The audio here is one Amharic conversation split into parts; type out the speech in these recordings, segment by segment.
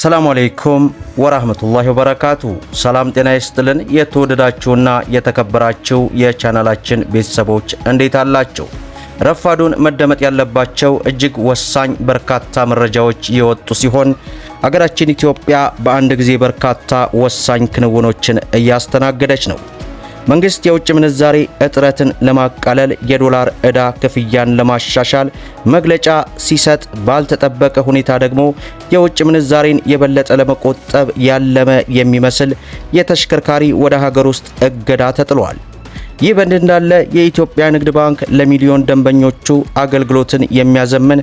ሰላም አለይኩም ወራህመቱላሂ ወበረካቱ። ሰላም ጤና ይስጥልን። የተወደዳችሁና የተከበራችሁ የቻናላችን ቤተሰቦች እንዴት አላችሁ? ረፋዱን መደመጥ ያለባቸው እጅግ ወሳኝ በርካታ መረጃዎች የወጡ ሲሆን አገራችን ኢትዮጵያ በአንድ ጊዜ በርካታ ወሳኝ ክንውኖችን እያስተናገደች ነው። መንግስት የውጭ ምንዛሬ እጥረትን ለማቃለል የዶላር ዕዳ ክፍያን ለማሻሻል መግለጫ ሲሰጥ፣ ባልተጠበቀ ሁኔታ ደግሞ የውጭ ምንዛሬን የበለጠ ለመቆጠብ ያለመ የሚመስል የተሽከርካሪ ወደ ሀገር ውስጥ እገዳ ተጥሏል። ይህ በእንዲህ እንዳለ የኢትዮጵያ ንግድ ባንክ ለሚሊዮን ደንበኞቹ አገልግሎትን የሚያዘምን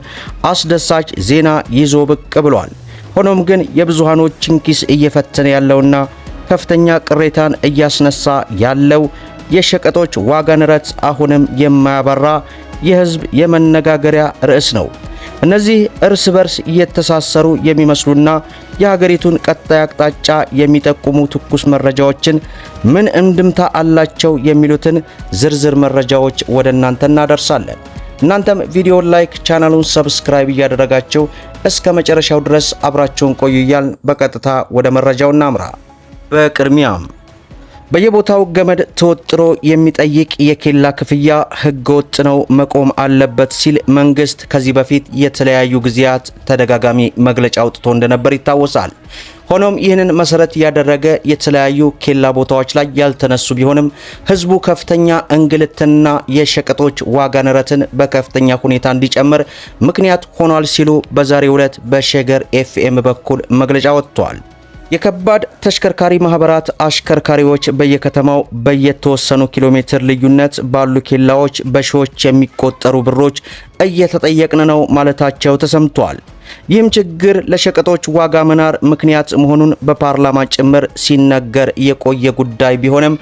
አስደሳች ዜና ይዞ ብቅ ብሏል። ሆኖም ግን የብዙሃኖችን ኪስ እየፈተነ ያለውና ከፍተኛ ቅሬታን እያስነሳ ያለው የሸቀጦች ዋጋ ንረት አሁንም የማያባራ የህዝብ የመነጋገሪያ ርዕስ ነው። እነዚህ እርስ በርስ እየተሳሰሩ የሚመስሉና የሀገሪቱን ቀጣይ አቅጣጫ የሚጠቁሙ ትኩስ መረጃዎችን ምን እንድምታ አላቸው የሚሉትን ዝርዝር መረጃዎች ወደ እናንተ እናደርሳለን። እናንተም ቪዲዮን ላይክ፣ ቻናሉን ሰብስክራይብ እያደረጋችሁ እስከ መጨረሻው ድረስ አብራችሁን ቆዩ እያልን በቀጥታ ወደ መረጃው እናምራ። በቅድሚያም በየቦታው ገመድ ተወጥሮ የሚጠይቅ የኬላ ክፍያ ወጥ ነው፣ መቆም አለበት ሲል መንግስት ከዚህ በፊት የተለያዩ ጊዜያት ተደጋጋሚ መግለጫ አውጥቶ እንደነበር ይታወሳል። ሆኖም ይህንን መሰረት ያደረገ የተለያዩ ኬላ ቦታዎች ላይ ያልተነሱ ቢሆንም ህዝቡ ከፍተኛ እንግልትና የሸቀጦች ዋጋ ንረትን በከፍተኛ ሁኔታ እንዲጨምር ምክንያት ሆኗል ሲሉ በዛሬው ዕለት በሸገር ኤፍኤም በኩል መግለጫ ወጥቷል። የከባድ ተሽከርካሪ ማህበራት አሽከርካሪዎች በየከተማው በየተወሰኑ ኪሎ ሜትር ልዩነት ባሉ ኬላዎች በሺዎች የሚቆጠሩ ብሮች እየተጠየቅን ነው ማለታቸው ተሰምቷል። ይህም ችግር ለሸቀጦች ዋጋ መናር ምክንያት መሆኑን በፓርላማ ጭምር ሲነገር የቆየ ጉዳይ ቢሆንም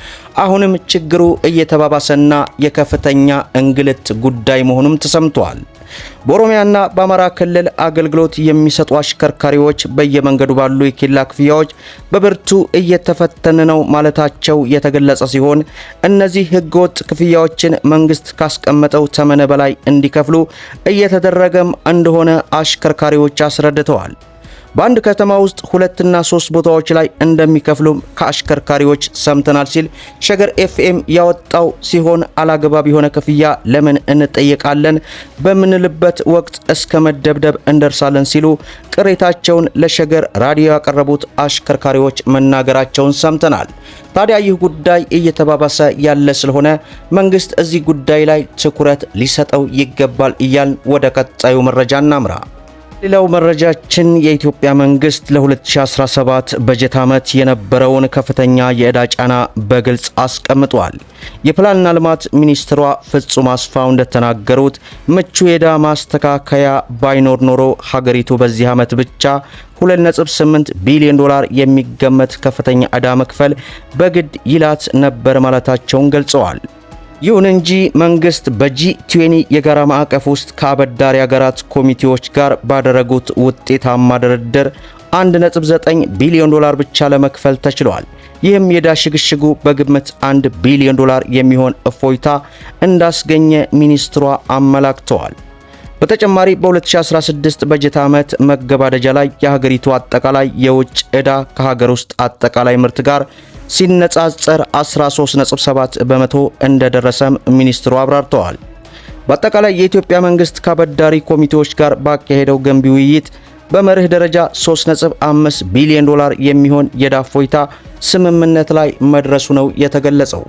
አሁንም ችግሩ እየተባባሰና የከፍተኛ እንግልት ጉዳይ መሆኑም ተሰምቷል። በኦሮሚያና በአማራ ክልል አገልግሎት የሚሰጡ አሽከርካሪዎች በየመንገዱ ባሉ የኬላ ክፍያዎች በብርቱ እየተፈተን ነው ማለታቸው የተገለጸ ሲሆን እነዚህ ህገወጥ ክፍያዎችን መንግስት ካስቀመጠው ተመነ በላይ እንዲከፍሉ እየተደረገም እንደሆነ አሽከርካሪዎች አስረድተዋል። በአንድ ከተማ ውስጥ ሁለትና ሶስት ቦታዎች ላይ እንደሚከፍሉም ከአሽከርካሪዎች ሰምተናል ሲል ሸገር ኤፍኤም ያወጣው ሲሆን አላግባብ የሆነ ክፍያ ለምን እንጠየቃለን በምንልበት ወቅት እስከ መደብደብ እንደርሳለን ሲሉ ቅሬታቸውን ለሸገር ራዲዮ ያቀረቡት አሽከርካሪዎች መናገራቸውን ሰምተናል። ታዲያ ይህ ጉዳይ እየተባባሰ ያለ ስለሆነ መንግስት እዚህ ጉዳይ ላይ ትኩረት ሊሰጠው ይገባል እያልን ወደ ቀጣዩ መረጃ እናምራ። ሌላው መረጃችን የኢትዮጵያ መንግስት ለ2017 በጀት ዓመት የነበረውን ከፍተኛ የዕዳ ጫና በግልጽ አስቀምጧል። የፕላንና ልማት ሚኒስትሯ ፍጹም አስፋው እንደተናገሩት ምቹ የዕዳ ማስተካከያ ባይኖር ኖሮ ሀገሪቱ በዚህ ዓመት ብቻ 2.8 ቢሊዮን ዶላር የሚገመት ከፍተኛ ዕዳ መክፈል በግድ ይላት ነበር ማለታቸውን ገልጸዋል። ይሁን እንጂ መንግስት በጂ ትዌኒ የጋራ ማዕቀፍ ውስጥ ከአበዳሪ ሀገራት ኮሚቴዎች ጋር ባደረጉት ውጤታማ ድርድር 1.9 ቢሊዮን ዶላር ብቻ ለመክፈል ተችሏል። ይህም የዕዳ ሽግሽጉ በግምት 1 ቢሊዮን ዶላር የሚሆን እፎይታ እንዳስገኘ ሚኒስትሯ አመላክተዋል። በተጨማሪ በ2016 በጀት ዓመት መገባደጃ ላይ የሀገሪቱ አጠቃላይ የውጭ ዕዳ ከሀገር ውስጥ አጠቃላይ ምርት ጋር ሲነጻጸር 13.7 በመቶ እንደደረሰም ሚኒስትሩ አብራርተዋል። በአጠቃላይ የኢትዮጵያ መንግስት ከአበዳሪ ኮሚቴዎች ጋር ባካሄደው ገንቢ ውይይት በመርህ ደረጃ 3.5 ቢሊዮን ዶላር የሚሆን የዳፎይታ ስምምነት ላይ መድረሱ ነው የተገለጸው።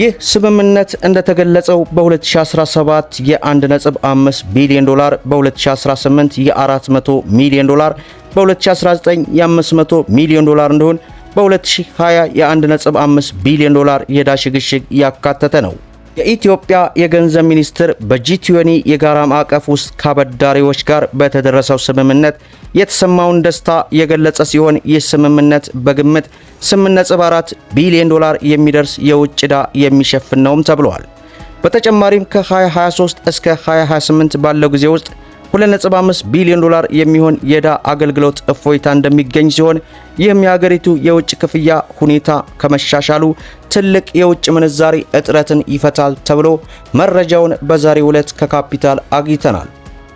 ይህ ስምምነት እንደተገለጸው በ2017 የ1.5 ቢሊዮን ዶላር፣ በ2018 የ400 ሚሊዮን ዶላር፣ በ2019 የ500 ሚሊዮን ዶላር እንደሆን በ2020 የ1.5 ቢሊዮን ዶላር የዕዳ ሽግሽግ ያካተተ ነው። የኢትዮጵያ የገንዘብ ሚኒስትር በጂቲዮኒ የጋራ ማዕቀፍ ውስጥ ከአበዳሪዎች ጋር በተደረሰው ስምምነት የተሰማውን ደስታ የገለጸ ሲሆን ይህ ስምምነት በግምት 8.4 ቢሊዮን ዶላር የሚደርስ የውጭ ዕዳ የሚሸፍን ነውም ተብሏል። በተጨማሪም ከ2023 እስከ 2028 ባለው ጊዜ ውስጥ 2.5 ቢሊዮን ዶላር የሚሆን የዕዳ አገልግሎት እፎይታ እንደሚገኝ ሲሆን ይህም የሀገሪቱ የውጭ ክፍያ ሁኔታ ከመሻሻሉ ትልቅ የውጭ ምንዛሪ እጥረትን ይፈታል ተብሎ መረጃውን በዛሬው ዕለት ከካፒታል አግኝተናል።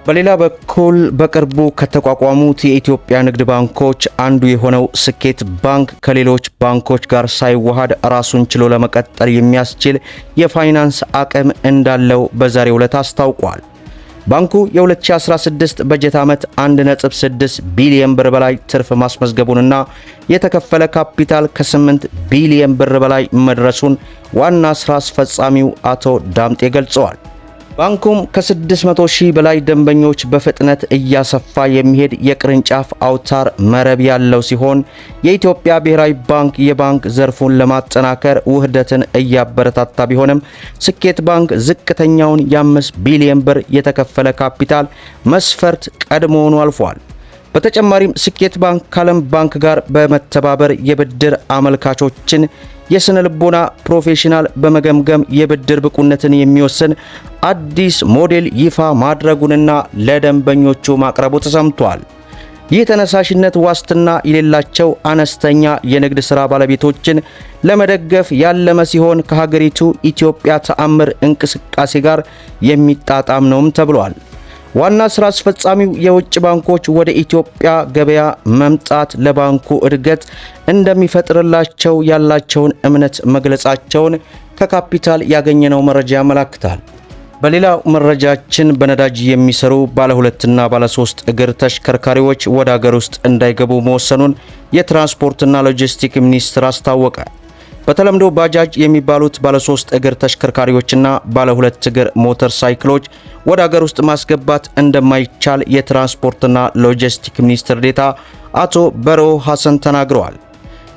በሌላ በኩል በቅርቡ ከተቋቋሙት የኢትዮጵያ ንግድ ባንኮች አንዱ የሆነው ስኬት ባንክ ከሌሎች ባንኮች ጋር ሳይዋሃድ ራሱን ችሎ ለመቀጠል የሚያስችል የፋይናንስ አቅም እንዳለው በዛሬው ዕለት አስታውቋል። ባንኩ የ2016 በጀት ዓመት 1.6 ቢሊዮን ብር በላይ ትርፍ ማስመዝገቡንና የተከፈለ ካፒታል ከ8 ቢሊዮን ብር በላይ መድረሱን ዋና ሥራ አስፈጻሚው አቶ ዳምጤ ገልጸዋል። ባንኩም ከ600 ሺህ በላይ ደንበኞች በፍጥነት እያሰፋ የሚሄድ የቅርንጫፍ አውታር መረብ ያለው ሲሆን የኢትዮጵያ ብሔራዊ ባንክ የባንክ ዘርፉን ለማጠናከር ውህደትን እያበረታታ ቢሆንም ስኬት ባንክ ዝቅተኛውን የ5 ቢሊዮን ብር የተከፈለ ካፒታል መስፈርት ቀድሞውኑ አልፏል። በተጨማሪም ስኬት ባንክ ከዓለም ባንክ ጋር በመተባበር የብድር አመልካቾችን የስነ ልቦና ፕሮፌሽናል በመገምገም የብድር ብቁነትን የሚወስን አዲስ ሞዴል ይፋ ማድረጉንና ለደንበኞቹ ማቅረቡ ተሰምቷል። ይህ ተነሳሽነት ዋስትና የሌላቸው አነስተኛ የንግድ ሥራ ባለቤቶችን ለመደገፍ ያለመ ሲሆን ከሀገሪቱ ኢትዮጵያ ተአምር እንቅስቃሴ ጋር የሚጣጣም ነውም ተብሏል። ዋና ስራ አስፈጻሚው የውጭ ባንኮች ወደ ኢትዮጵያ ገበያ መምጣት ለባንኩ እድገት እንደሚፈጥርላቸው ያላቸውን እምነት መግለጻቸውን ከካፒታል ያገኘነው መረጃ ያመላክታል። በሌላው መረጃችን በነዳጅ የሚሰሩ ባለ ሁለትና ባለ ሶስት እግር ተሽከርካሪዎች ወደ አገር ውስጥ እንዳይገቡ መወሰኑን የትራንስፖርትና ሎጂስቲክ ሚኒስቴር አስታወቀ። በተለምዶ ባጃጅ የሚባሉት ባለሶስት እግር ተሽከርካሪዎችና ባለ ሁለት እግር ሞተር ሳይክሎች ወደ አገር ውስጥ ማስገባት እንደማይቻል የትራንስፖርትና ሎጂስቲክ ሚኒስትር ዴታ አቶ በሮ ሐሰን ተናግረዋል።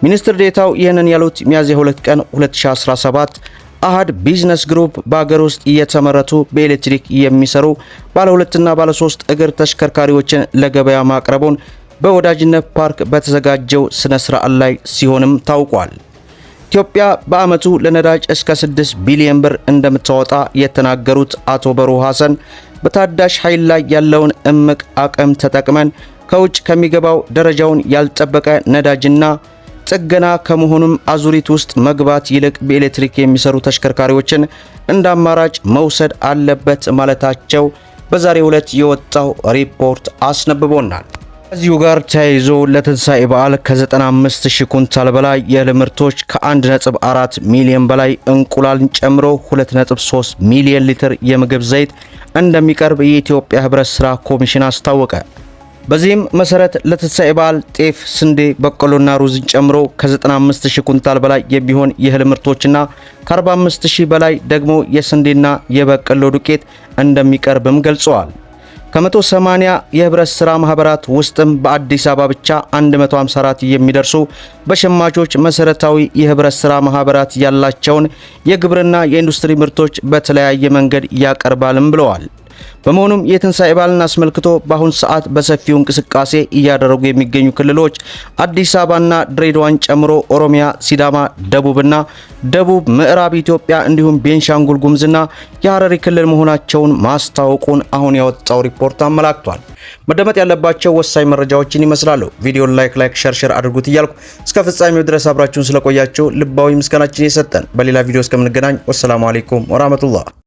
ሚኒስትር ዴታው ይህንን ያሉት ሚያዝያ 2 ቀን 2017 አሃድ ቢዝነስ ግሩፕ በአገር ውስጥ እየተመረቱ በኤሌክትሪክ የሚሰሩ ባለ ሁለትና ባለ ሶስት እግር ተሽከርካሪዎችን ለገበያ ማቅረቡን በወዳጅነት ፓርክ በተዘጋጀው ስነ ስርዓት ላይ ሲሆንም ታውቋል። ኢትዮጵያ በዓመቱ ለነዳጅ እስከ 6 ቢሊዮን ብር እንደምታወጣ የተናገሩት አቶ በሩ ሐሰን በታዳሽ ኃይል ላይ ያለውን እምቅ አቅም ተጠቅመን ከውጭ ከሚገባው ደረጃውን ያልጠበቀ ነዳጅና ጥገና ከመሆኑም አዙሪት ውስጥ መግባት ይልቅ በኤሌክትሪክ የሚሰሩ ተሽከርካሪዎችን እንደ አማራጭ መውሰድ አለበት ማለታቸው በዛሬው ዕለት የወጣው ሪፖርት አስነብቦናል። ከዚሁ ጋር ተያይዞ ለትንሣኤ በዓል ከ95 ሺህ ኩንታል በላይ የእህል ምርቶች ከ1.4 ሚሊዮን በላይ እንቁላልን ጨምሮ 2.3 ሚሊዮን ሊትር የምግብ ዘይት እንደሚቀርብ የኢትዮጵያ ህብረት ሥራ ኮሚሽን አስታወቀ። በዚህም መሠረት ለትንሣኤ በዓል ጤፍ፣ ስንዴ፣ በቆሎና ሩዝን ጨምሮ ከ95 ሺህ ኩንታል በላይ የሚሆን የእህል ምርቶችና ከ45 ሺህ በላይ ደግሞ የስንዴና የበቆሎ ዱቄት እንደሚቀርብም ገልጸዋል። ከመቶ 80 የህብረት ሥራ ማኅበራት ውስጥም በአዲስ አበባ ብቻ 154 የሚደርሱ በሸማቾች መሠረታዊ የህብረት ሥራ ማኅበራት ያላቸውን የግብርና የኢንዱስትሪ ምርቶች በተለያየ መንገድ ያቀርባልም ብለዋል። በመሆኑም የትንሣኤ በዓልን አስመልክቶ በአሁን ሰዓት በሰፊው እንቅስቃሴ እያደረጉ የሚገኙ ክልሎች አዲስ አበባና ድሬዳዋን ጨምሮ ኦሮሚያ፣ ሲዳማ፣ ደቡብና ደቡብ ምዕራብ ኢትዮጵያ እንዲሁም ቤንሻንጉል ጉምዝና የሀረሪ ክልል መሆናቸውን ማስታወቁን አሁን ያወጣው ሪፖርት አመላክቷል። መደመጥ ያለባቸው ወሳኝ መረጃዎችን ይመስላሉ። ቪዲዮን ላይክ ላይክ ሸር ሸር አድርጉት እያልኩ እስከ ፍጻሜው ድረስ አብራችሁን ስለቆያችሁ ልባዊ ምስጋናችን የሰጠን። በሌላ ቪዲዮ እስከምንገናኝ ወሰላሙ አሌይኩም ወራህመቱላህ